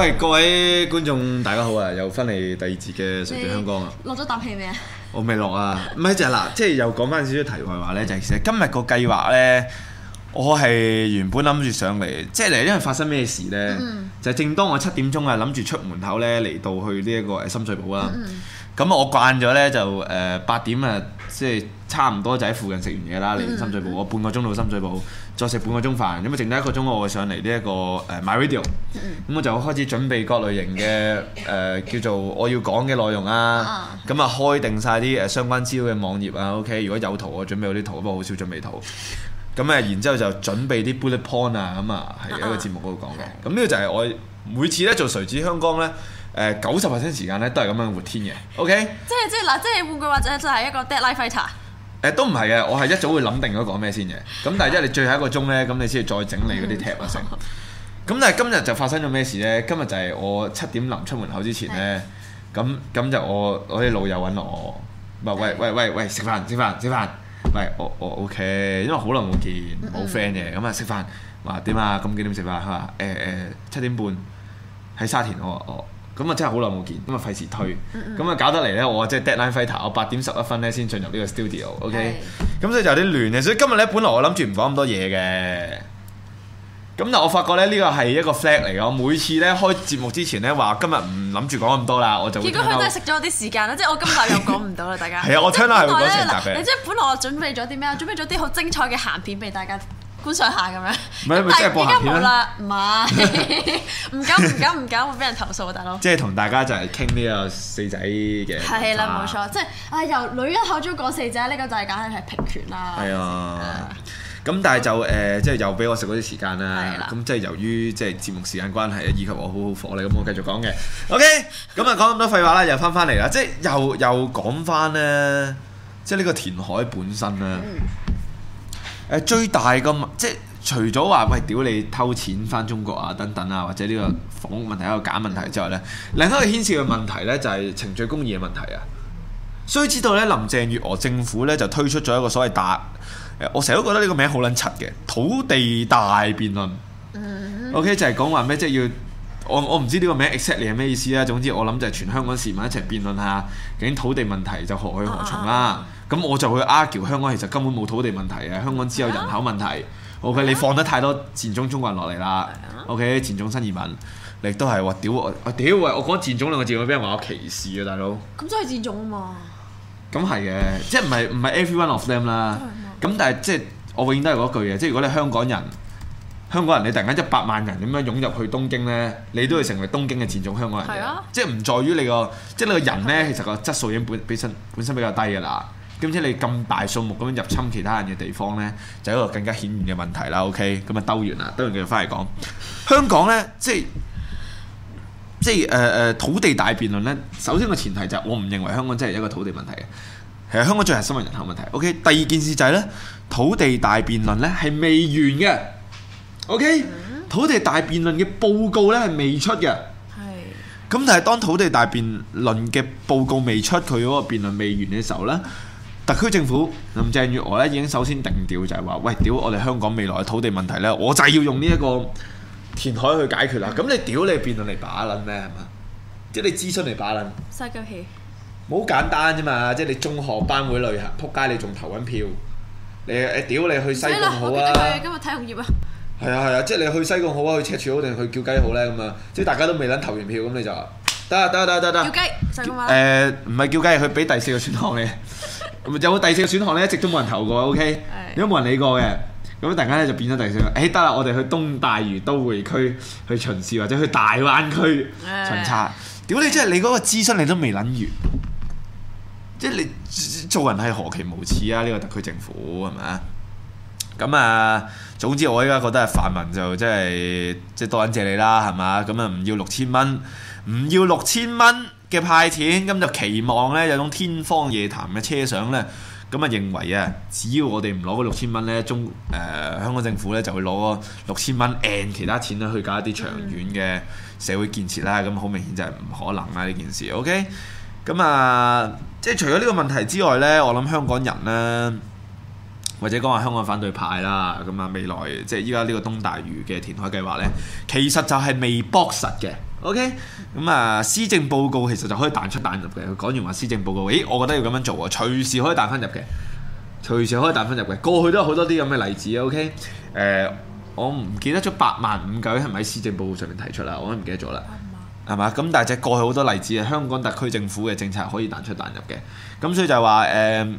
喂，各位觀眾，大家好啊！又翻嚟第二節嘅誰主香江啊！落咗啖氣未啊、就是？我未落啊。唔係即係嗱，即係又講翻少少題外話咧，就係其實今日個計劃咧，我係原本諗住上嚟，即係嚟，因為發生咩事咧？嗯、就係正當我七點鐘啊，諗住出門口咧，嚟到去呢一個誒深水埗啦。嗯咁我慣咗呢，就誒八點啊，即係差唔多就喺附近食完嘢啦嚟深水埗。我半個鐘到深水埗，再食半個鐘飯。咁啊，剩低一個鐘我會上嚟呢一個誒 My Radio。咁我就會開始準備各類型嘅誒叫做我要講嘅內容啊。咁啊，開定晒啲誒相關資料嘅網頁啊。OK，如果有圖我準備好啲圖，不過好少準備圖。咁啊，然之後就準備啲 bullet point 啊。咁啊，係一個節目嗰度講嘅。咁呢個就係我每次呢做誰主香江」呢。誒九十 percent 時間咧，都係咁樣活天嘅，OK？即係即係嗱，即係換句話就就係一個 deadline fighter，呃。都唔係嘅，我係一早會諗定咗講咩先嘅。咁 但係一你最後一個鐘咧，咁你先至再整理嗰啲 tap 啊成。咁但係今日就發生咗咩事咧？今日就係我七點臨出門口之前咧，咁咁 就我我啲老友揾我，喂喂喂喂，喂食飯食飯食飯，喂我我 OK，因為好耐冇見冇 friend 嘅，咁啊食飯話點啊？咁幾點食飯？係咪誒誒七點半喺沙田我我。我我我咁啊真係好耐冇見，咁啊費事推，咁啊搞得嚟咧，我即係 deadline fighter，我八點十一分咧先進入呢個 studio，OK，okay? 咁是 所以就有啲亂嘅。所以今日咧本來我諗住唔講咁多嘢嘅，咁但我發覺咧呢個係一個 flag 嚟嘅，我每次咧開節目之前咧話今日唔諗住講咁多啦，我就結果佢真係食咗我啲時間啦，即係 我今日又講唔到啦，大家係啊， 我聽落係好多人夾嘅，你即係本來我準備咗啲咩啊？準備咗啲好精彩嘅鹹片俾大家。觀賞下咁樣，唔係，依家冇啦，唔啊， 唔敢，唔敢，唔敢，會俾人投訴啊，大佬。即係同大家就係傾呢個四仔嘅。係啦，冇錯，即係啊由女一口中講四仔，呢、呢個就係簡直係平權啦。係啊了，咁、嗯、但係就誒、呃，即係又俾我食嗰啲時間啦。係啦了，咁即係由於即係節目時間關係，以及我好好火力咁我繼續講嘅。OK，咁啊講咁多廢話啦，又翻返嚟啦，即係又又講翻咧，即係呢個填海本身咧。嗯最大個即除咗話餵屌你偷錢翻中國啊等等啊，或者呢個房屋問題一個假問題之外呢，另一個牽涉嘅問題呢，就係程序公義嘅問題啊。所以知道呢，林鄭月娥政府呢，就推出咗一個所謂大、呃、我成日都覺得呢個名好撚柒嘅土地大辯論。Mm hmm. o、okay, k 就係講話咩，即係要我我唔知呢個名 exactly 係咩意思啦。總之我諗就係全香港市民一齊辯論下，究竟土地問題就何去何從啦。Uh. 咁我就會 argue 香港其實根本冇土地問題嘅，香港只有人口問題。OK，你放得太多賤種中國人落嚟啦。啊、OK，賤種新移民，你都係話屌我，我屌啊！我講賤種兩個字，自然會俾人話我歧視啊，大佬。咁真係賤種啊嘛？咁係嘅，即係唔係唔係 every one of them 啦、啊。咁但係即係我永遠都係嗰句嘅。即係如果你香港人，香港人你突然間一百萬人咁樣湧入去東京咧，你都會成為東京嘅賤種香港人。啊、即係唔在於你個，即係你個人咧，其實個質素已經本本身本身比較低噶啦。點知你咁大數目咁樣入侵其他人嘅地方呢，就一個更加顯現嘅問題啦。OK，咁啊，兜完啦，兜完繼續翻嚟講香港呢，即係即係、呃、土地大辯論呢，首先個前提就係我唔認為香港真係一個土地問題嘅，其實香港最係新活人口問題。OK，第二件事就係、是、呢，土地大辯論呢係未完嘅。OK，土地大辯論嘅報告呢係未出嘅。係咁的，但係當土地大辯論嘅報告未出，佢嗰個辯論未完嘅時候呢。特區政府林鄭月娥咧，已經首先定調就係話，喂，屌我哋香港未來嘅土地問題咧，我就係要用呢一個填海去解決啦。咁你屌你辯論嚟把撚咩係嘛？即係你諮詢嚟把撚，嘥咁氣，好簡單啫嘛！即係你中學班會旅行，撲街你仲投緊票，你屌，啊、你去西貢好啊！今日睇紅葉啊，係 啊係啊，即係你去西貢好啊，去赤柱好定去叫雞好咧咁啊！即係大家都未諗投完票，咁你就話得得得得得，啊啊啊啊啊，叫雞，誒唔係叫雞，佢俾第四個選項嘅。 有，有第四個選項咧，一直都冇人投過，OK？都冇的人理過嘅，咁突然間咧就變咗第四個。誒得啦，我哋去東大嶼都會區去巡視，或者去大灣區巡查。屌的你！真係你嗰個諮詢你都未諗完，即係你做人係何其無恥啊！呢、呢個特區政府係咪啊？咁啊，總之我依家覺得係泛民就真係即係多謝你啦，係嘛？咁啊唔要六千蚊，唔要六千蚊。嘅派錢，咁就期望咧有種天方夜譚嘅車想咧，咁啊認為啊，只要我哋唔攞嗰六千蚊咧，中誒、呃、香港政府咧就會攞六千蚊 and 其他錢咧去搞一啲長遠嘅社會建設啦。咁好明顯就係唔可能啦呢件事。OK，咁啊，即係除咗呢個問題之外咧，我諗香港人咧，或者講話香港反對派啦，咁啊未來即係依家呢個東大嶼嘅填海計劃咧，其實就係未博實嘅。O K，咁啊，施政報告其實就可以彈出彈入嘅。講完話施政報告，咦，我覺得要咁樣做啊，隨時可以彈翻入嘅，隨時可以彈翻入嘅。過去都有好多啲咁嘅例子。O K，誒，我唔記得咗八萬五九係咪喺施政報告上面提出啦，我都唔記得咗啦。係嘛？咁但係只係過去好多例子啊，香港特區政府嘅政策可以彈出彈入嘅。咁所以就話誒、呃，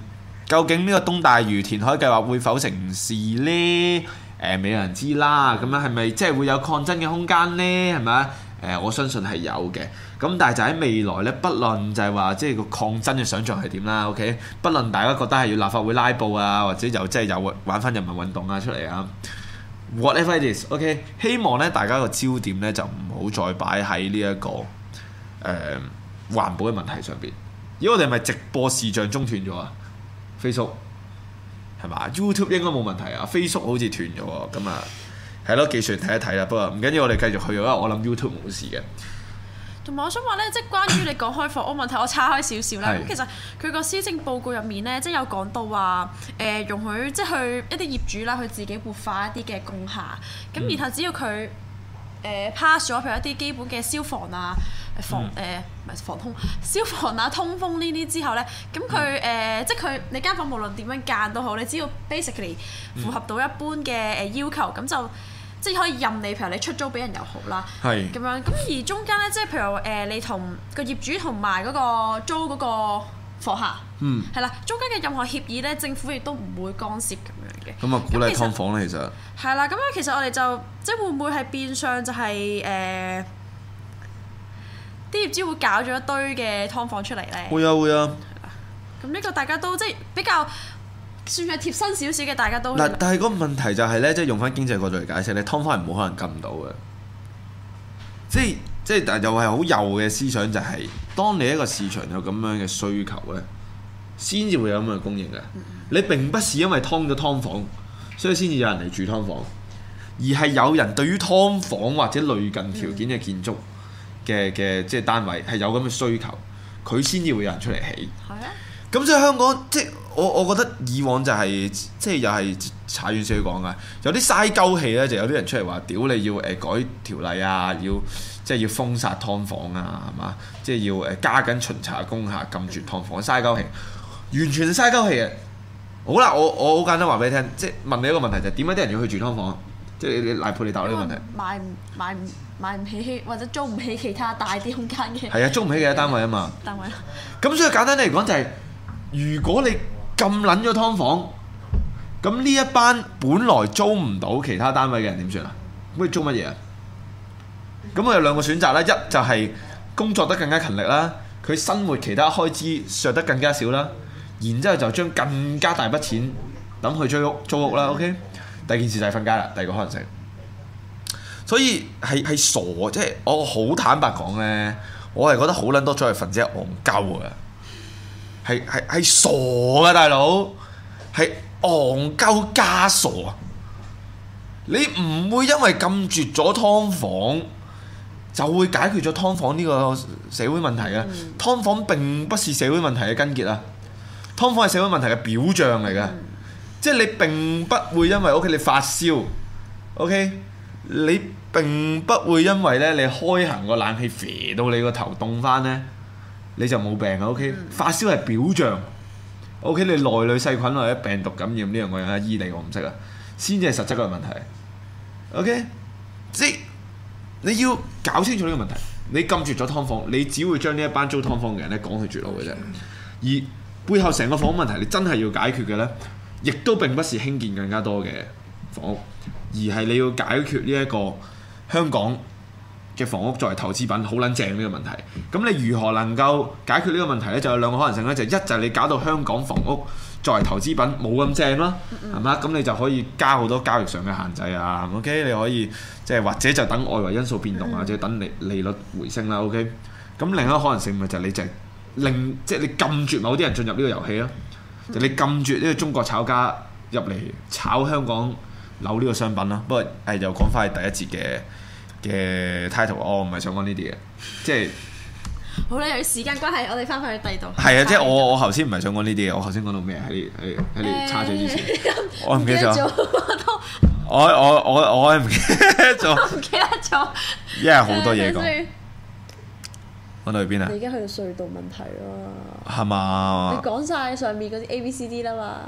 究竟呢個東大嶼填海計劃會否成事咧？誒、呃，未有人知啦。咁樣係咪即係會有抗爭嘅空間咧？係嘛？誒，我相信係有嘅。咁但係就喺未來呢，不論就係話即係個抗爭嘅想象係點啦，OK？不論大家覺得係要立法會拉布啊，或者又即係有玩翻人民運動啊出嚟啊，whatever it is，OK？Okay? 希望呢大家個焦點呢就唔好再擺喺呢一個誒、呃、環保嘅問題上邊。咦，我哋係咪直播視像中斷咗啊？Facebook 係嘛？YouTube 應該冇問題啊，Facebook 好似斷咗喎，噉啊。係咯，技術睇一睇啦？不過唔緊要，我哋繼續去，因為我諗 YouTube 冇事嘅。同埋我想話咧，即係關於你講開房屋問題， 我叉開少少咧。咁是其實佢個施政報告入面咧，即係有講到話誒、呃、容許即係佢一啲業主啦，佢自己活化一啲嘅工廈。咁、嗯、然後只要佢誒、呃、pass 咗，譬如一啲基本嘅消防啊、嗯呃、防誒唔係防通、消防啊、通風呢啲之後咧，咁佢誒即係佢你間房無論點樣間都好，你只要 basically 符合到一般嘅誒要求，咁就、嗯。嗯即係可以任你，譬如你出租俾人又好啦，咁是樣咁而中間咧，即係譬如誒，你同個業主同埋嗰個租嗰個房客，嗯，係啦，中間嘅任何協議咧，政府亦都唔會干涉咁、嗯、樣嘅。咁啊，鼓勵劏房咧，其實係啦，咁實樣其實我哋就即係會唔會係變相就係誒啲業主會搞咗一堆嘅劏房出嚟咧、啊？會啊會啊，咁呢個大家都即係比較，算係貼身少少嘅，大家都嗱，但係個問題就係、是、咧，即係用翻經濟角度嚟解釋咧，劏房係冇可能禁到嘅。即係即係，但又係好幼嘅思想就係、是，當你一個市場有咁樣嘅需求咧，先至會有咁嘅供應嘅。嗯、你並不是因為劏咗劏房，所以先至有人嚟住劏房，而係有人對於劏房或者類近條件嘅建築嘅嘅、嗯、即係單位係有咁嘅需求，佢先至會有人出嚟起。係啊的，咁即係香港即係。我我覺得以往就係、是、即係又係踩軟少少講噶，有啲嘥鳩氣咧，就有啲人出嚟話屌你要誒改條例啊，要即係要封殺劏房啊，係嘛？即係要誒加緊巡查工廈，禁住劏房嘥鳩氣，完全嘥鳩氣啊！好啦，我我好簡單話俾你聽，即係問你一個問題就係點解啲人要去住劏房？即係你你賴珮你答呢個問題。買唔買唔買唔起或者租唔起其他大啲空間嘅？係啊，租唔起其他單位啊嘛。單位。咁所以簡單啲嚟講就係、是、如果你。咁捻咗劏房，咁呢一班本來租唔到其他單位嘅人點算啊？咁你租乜嘢啊？咁我有兩個選擇啦，一就係工作得更加勤力啦，佢生活其他開支削得更加少啦，然之後就將更加大筆錢等去租屋，租屋啦。OK，第二件事就係瞓街啦，第二個可能性。所以係係傻，即係我好坦白講呢，我係覺得好捻多租屋分子係戇鳩噶。係係係傻噶，大佬係戇鳩加傻啊！你唔會因為禁絕咗劏房，就會解決咗劏房呢個社會問題啊。嗯、劏房並不是社會問題嘅根結啊，劏房係社會問題嘅表象嚟嘅，嗯、即係你並不會因為 O.K. 你發燒，O.K. 你並不會因為咧你開行個冷氣邪到你個頭凍翻呢。你就冇病啊，OK？發燒係表象，OK？你內裏細菌或者病毒感染呢樣嘅嘢，醫你我唔識啊。先至係實質嘅問題，OK？即係你要搞清楚呢個問題，你禁住咗劏房，你只會將呢一班租劏房嘅人咧趕去絕路嘅啫，而背後成個房屋問題，你真係要解決嘅咧，亦都並不是興建更加多嘅房屋，而係你要解決呢一個香港。嘅房屋作為投資品好撚正呢個問題，咁你如何能夠解決呢個問題呢？就有兩個可能性咧，就係、一就係、你搞到香港房屋作為投資品冇咁正啦，係嘛、嗯嗯？咁你就可以加好多交易上嘅限制啊。OK，你可以即係、就係、或者就等外圍因素變動或者等利利率回升啦。OK，咁另一個可能性咪就係你就係令即係、就係、你禁絕某啲人進入呢個遊戲咯，就係、你禁絕呢個中國炒家入嚟炒香港樓呢個商品啦。不過誒、呃，又講翻係第一節嘅嘅 title，我唔係想講呢啲嘢。即係好啦。由於時間關係，我哋翻返去第二度。係啊的，the title. 即係我我頭先唔係想講呢啲嘢，我頭先講到咩喺你喺喺你，插嘴之前，欸、我唔記得咗。我我我我唔記得咗。唔記得咗， 因為好多嘢講、欸。講到去邊啊？你而家去到隧道問題咯。係吧嘛？你講晒上面嗰啲 A、B、C、D 啦嘛？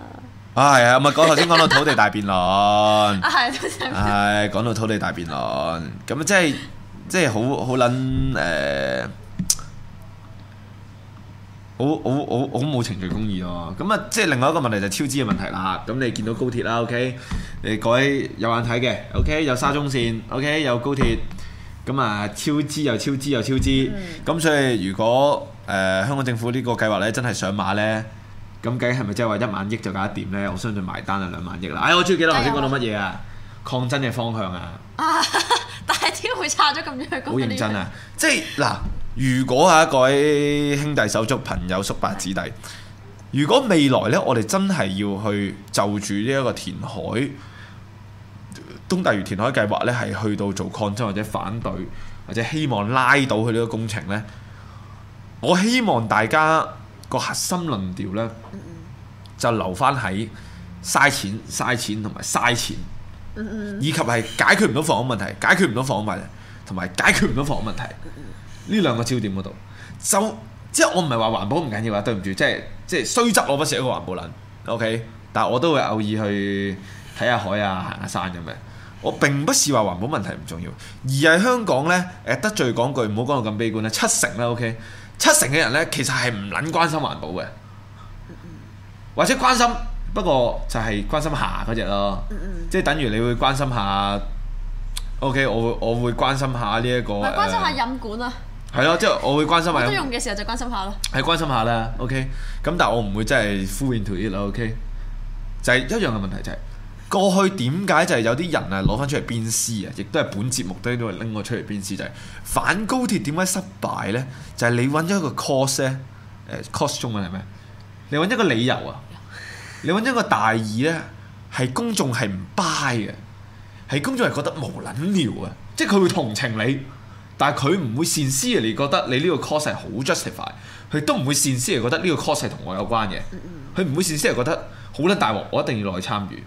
啊，係啊、哎，咪講頭先講到土地大辯論，係講、 哎、到土地大辯論。咁即係即係好好捻誒，好好好好冇程序公義咯。咁啊，即係另外一個問題就超支嘅問題啦。咁你見到高鐵啦，OK，你改有眼睇嘅，OK，有沙中線，OK，有高鐵，咁啊，超支又超支又超支，咁所以如果誒、呃、香港政府呢個計劃咧真係上馬咧。咁計係咪即係話一萬億就搞得掂呢？我相信埋單就兩萬億啦。哎，我仲記得頭先講到乜嘢啊？哎、呦抗爭嘅方向啊！但係點會差咗咁遠？好認真啊！ 即係嗱，如果啊各位兄弟手足、朋友叔伯子弟，如果未來呢，我哋真係要去就住呢一個填海、東大嶼填海計劃呢，係去到做抗爭或者反對，或者希望拉到佢呢個工程呢。我希望大家，個核心論調咧，就留翻喺嘥錢、嘥錢同埋嘥錢，以及係解決唔到房屋問題、解決唔到房屋問題同埋解決唔到房屋問題呢兩個焦點嗰度，就即係我唔係話環保唔緊要啊，對唔住，即係即係雖則我不是一個環保論，OK，但係我都會偶爾去睇下海啊、行下山咁、啊、嘅。我並不是話環保問題唔重要，而係香港咧誒得罪講句，唔好講到咁悲觀啦，七成啦，OK。七成嘅人咧，其實係唔撚關心環保嘅，或者關心，不過就係關心下嗰隻咯，即係等於你會關心下。OK，我會我會關心下呢一個。唔係關心下飲管啊。係咯，即係我會關心下。唔用嘅時候就關心下咯。係關心下啦。OK，咁但係我唔會真係敷衍脫熱啦。OK，就係一樣嘅問題就係。過去點解就係、是、有啲人啊攞翻出嚟鞭屍啊，亦都係本節目都拎我出嚟鞭屍就係、是、反高鐵點解失敗咧？就係、是、你揾咗一個 course 咧，誒、 uh, course 中文係咩？你揾一個理由啊，你揾一個大義咧，係公眾係唔 buy 嘅，係公眾係覺得無撚聊啊！即係佢會同情你，但係佢唔會善思。嚟你覺得你呢個 course 係好 justify，佢都唔會善思。嚟覺得呢個 course 係同我有關嘅，佢唔會善思。嚟覺得好撚大鑊，我一定要落去參與。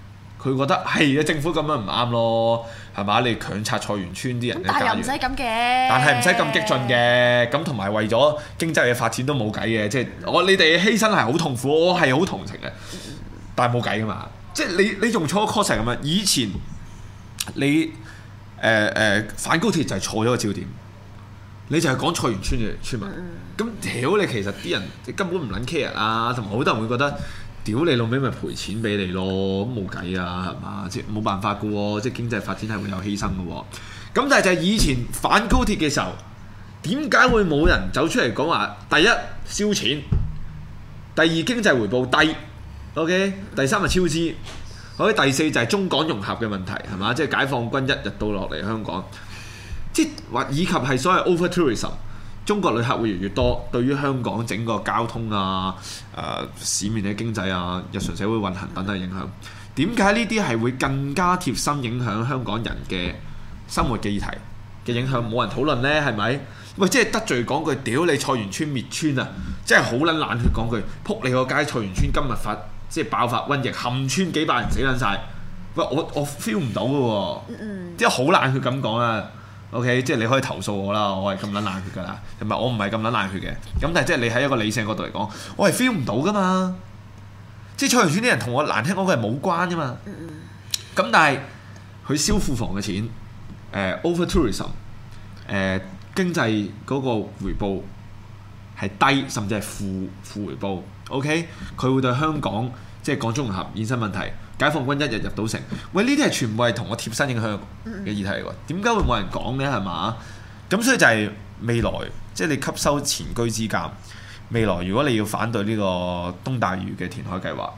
佢覺得係啊、哎，政府咁樣唔啱咯，係嘛？你強拆菜園村啲人嘅家園，但係唔使咁嘅，但係唔使咁激進嘅，咁同埋為咗經濟嘅發展都冇計嘅，即係我你哋犧牲係好痛苦，我係好同情嘅，但係冇計噶嘛，即係你你仲錯 course 咁樣，以前你誒誒、呃呃、反高鐵就係錯咗個焦點，你就係講菜園村嘅村民，咁屌你其實啲人根本唔撚 care 啊，同埋好多人都會覺得。屌你老味咪賠錢俾你咯，咁冇計啊，係嘛？即係冇辦法嘅喎，即係經濟發展係會有犧牲嘅喎。咁但係就係以前反高鐵嘅時候，點解會冇人走出嚟講話？第一，燒錢，第二，經濟回報低，OK，第三係超支，嗰啲第四就係中港融合嘅問題，係嘛？即係解放軍一日到落嚟香港，即係或以及係所謂 over tourism。中國旅客會越來越多，對於香港整個交通啊、誒、啊、市面嘅經濟啊、日常社會運行等等嘅影響。點解呢啲係會更加貼心影響香港人嘅生活嘅議題嘅影響冇人討論呢，係咪？喂，即係得罪講句，屌你菜園村滅村啊！即係好撚冷血講句，撲你個街菜園村今日發即係爆發瘟疫，冚村幾百人死撚晒。喂，我我 feel 唔到嘅喎、啊，即係好冷血咁講啊。O、okay, K，即係你可以投訴我啦，我係咁撚冷血噶啦，係咪我唔係咁撚冷血嘅，咁但係即係你喺一個理性角度嚟講，我係 feel 唔到噶嘛，即係菜園村啲人同我難聽講佢係冇關啫嘛，咁但係佢消庫房嘅錢，over tourism，誒經濟嗰個回報係低，甚至係負負回報，O K，佢會對香港即係港中融合衍生問題。解放軍一日入到城，喂呢啲係全部係同我貼身影響嘅議題嚟喎，點解會冇人講呢？係嘛？咁所以就係未來，即係你吸收前居之鑑。未來如果你要反對呢個東大嶼嘅填海計劃，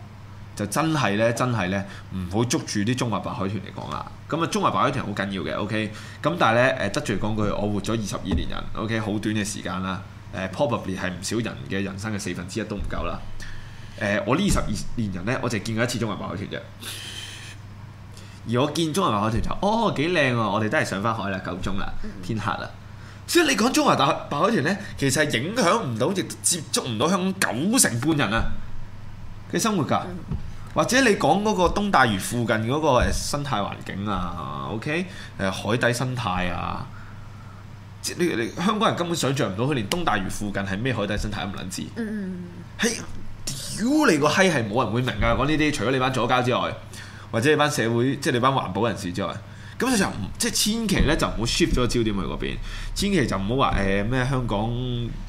就真係呢，真係呢，唔好捉住啲中華白海豚嚟講啦。咁啊，中華白海豚好緊要嘅，OK。咁但係呢，誒得罪講句，我活咗二十二年人，OK，好短嘅時間啦。誒 probably 係唔少人嘅人生嘅四分之一都唔夠啦。誒、呃，我呢十二年人呢，我就見過一次中華白海豚啫。而我見中華白海豚就，哦，幾靚喎，啊！我哋都係上翻海啦，夠鐘啦，天黑啦。所以你講中華大白海豚呢，其實係影響唔到，亦接觸唔到香港九成半人啊嘅生活噶。或者你講嗰個東大嶼附近嗰個生態環境啊，OK？誒海底生態啊，即你你香港人根本想象唔到，佢連東大嶼附近係咩海底生態都唔撚知。嗯 hey, 屌你個閪係冇人會明㗎，講呢啲除咗你班左膠之外，或者你班社會即係你班環保人士之外，咁就唔即係千祈咧就唔好 shift 咗焦點去嗰邊，千祈就唔好話誒咩香港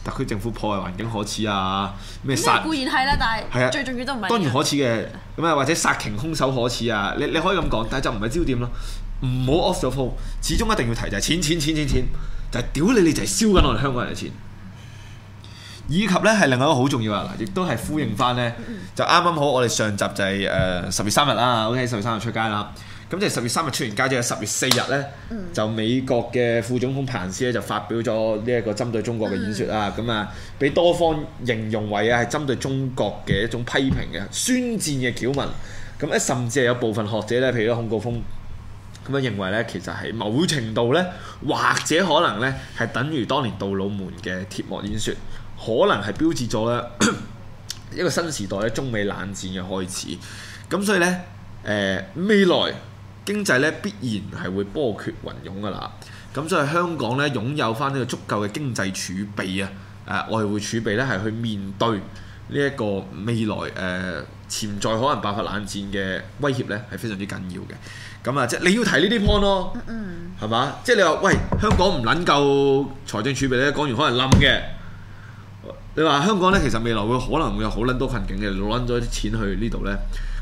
特區政府破壞環境可恥啊咩固然係啦，但係係啊，最重要都唔係當然可恥嘅咁啊，或者殺停兇手可恥啊，你你可以咁講，但係就唔係焦點咯，唔好 o f the pole，始終一定要提就係錢錢錢錢錢，就係屌你你就係燒緊我哋香港人嘅錢。以及咧係另外一個好重要啊！亦都係呼應翻呢。嗯、就啱啱好我哋上集就係誒十月三日啦。O K，十月三日出街啦。咁、嗯、就十月三日出完街，仲有十月四日呢，嗯、就美國嘅副總統彭斯咧就發表咗呢一個針對中國嘅演説、嗯、啊。咁啊，俾多方形容為啊係針對中國嘅一種批評嘅宣戰嘅檄文。咁咧，甚至係有部分學者咧，譬如咧孔誥烽咁樣認為呢其實係某程度呢，或者可能呢係等於當年杜魯門嘅鐵幕演説。可能係標誌咗咧一個新時代咧中美冷戰嘅開始，咁所以咧誒、呃、未來經濟咧必然係會波決雲湧噶啦，咁所以香港咧擁有翻呢個足夠嘅經濟儲備啊，誒外匯儲備咧係去面對呢一個未來誒、呃、潛在可能爆發冷戰嘅威脅咧係非常之緊要嘅，咁啊即係你要提呢啲 point 咯，係嘛、嗯嗯？即係你話喂香港唔撚夠財政儲備咧，港元可能冧嘅。你話香港咧，其實未來會可能會有好撚多困境嘅，攞撚咗啲錢去呢度咧，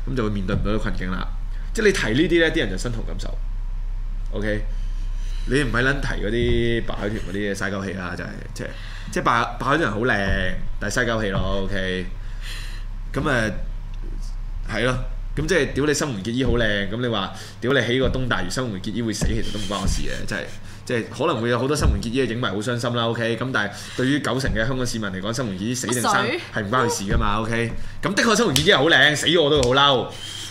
咁就會面對唔到啲困境啦。即係你提呢啲咧，啲人就身同感受。OK，你唔係撚提嗰啲白海豚嗰啲嘅嘥鳩氣啦、啊，就係、是、即係即係白白海豚好靚，但係嘥鳩氣咯。OK，咁誒係咯。咁、呃、即係屌你新垣結衣好靚，咁你話屌你起個東大嶼新垣結衣會死，其實都唔關我事嘅，即係。即係可能會有好多新垣結衣嘅影迷，好傷心啦。OK，咁但係對於九成嘅香港市民嚟講，新垣結衣死定生係唔關佢事噶嘛。OK，咁 的確新垣結衣係好靚，死我都會好嬲。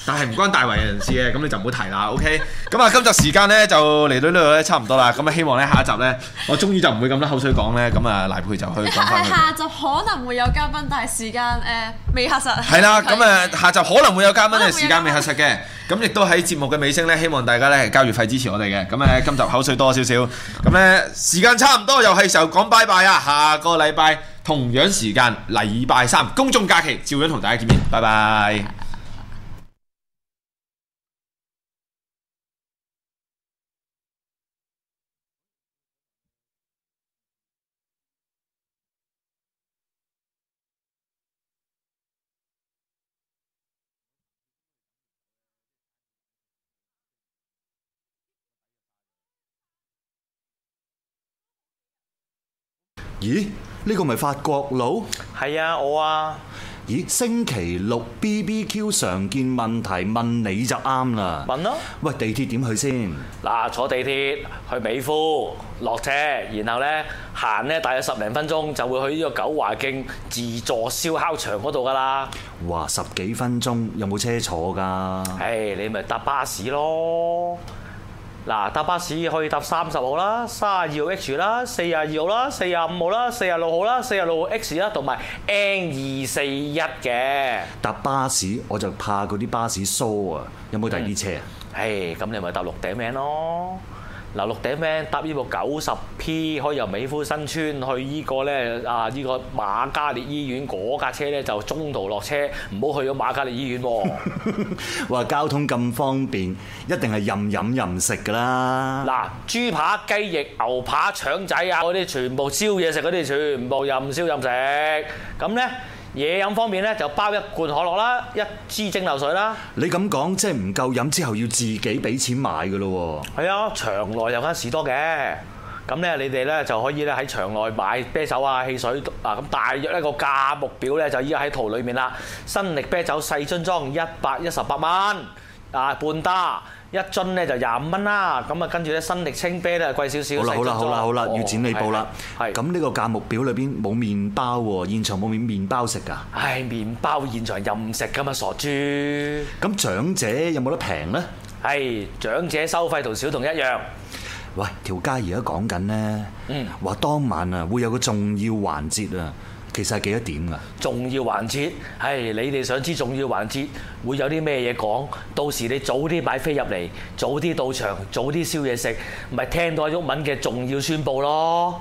但係唔關大圍人事嘅，咁你就唔好提啦，OK？咁啊，今集時間呢就嚟到呢度差唔多啦，咁啊希望呢下一集呢，我終於就唔會咁多口水講呢。咁啊賴珮就去。係下，下集可能會有嘉賓，但係時間誒、呃、未核實。係啦、啊，咁啊他下集可能會有嘉賓，但係時間未核實嘅。咁亦都喺節目嘅尾聲呢，希望大家呢係交月費支持我哋嘅。咁啊今集口水多少少，咁咧時間差唔多又係時候講拜拜啊！下個禮拜同樣時間，禮拜三公眾假期，照樣同大家見面，拜拜。咦？呢個咪法國佬？係啊，我啊。咦？星期六 BBQ 常見問題問你就啱啦。問咯。喂，地鐵點去先？嗱，坐地鐵去美孚落車，然後呢行呢大約十零分鐘就會去呢個九華徑自助燒烤場嗰度噶啦。哇！十幾分鐘有冇車坐㗎？唉，你咪搭巴士咯。嗱，搭巴士可以搭三十號啦，三十二號 H 啦，四廿二號啦，四廿五號啦，四廿六號啦，四廿六號 X 啦，同埋 N 二四一嘅。搭巴士我就怕嗰啲巴士疏啊，有冇第二啲車、嗯？唉，咁你咪搭六頂名咯。嗱，六鼎 van 搭呢部九十 P 可以由美孚新村去依、呢個咧啊依個瑪嘉烈醫院嗰架、嗰個、車咧就中途落車，唔好去咗瑪嘉烈醫院喎。話 交通咁方便，一定係任飲任食㗎啦。嗱，豬扒、雞翼、牛扒、腸仔啊，嗰啲全部燒嘢食，嗰啲全部任燒任食，咁咧。嘢飲方面咧，就包一罐可樂啦，一支蒸餾水啦。你咁講，即係唔夠飲之後要自己俾錢買嘅咯喎。係啊，場內有間士多嘅，咁咧你哋咧就可以咧喺場內買啤酒啊、汽水啊，咁大約一個價目表咧就依家喺圖裏面啦。新力啤酒細樽裝一百一十八蚊啊，半打。一樽咧就廿五蚊啦，咁啊跟住咧新力清啤咧貴少少。好啦好啦好啦好啦，要剪尾報啦。係，咁呢個價目表裏邊冇麵包喎，現場冇麵麵包食㗎。唉，麵包現場任食㗎嘛，傻豬。咁長者有冇得平咧？係長者收費同小童一樣。喂，條街而家講緊咧，話當晚啊會有個重要環節啊。其實係幾多點㗎？重要環節，係你哋想知重要環節會有啲咩嘢講？到時你早啲買飛入嚟，早啲到場，早啲燒嘢食，咪聽到阿鬱文嘅重要宣佈咯。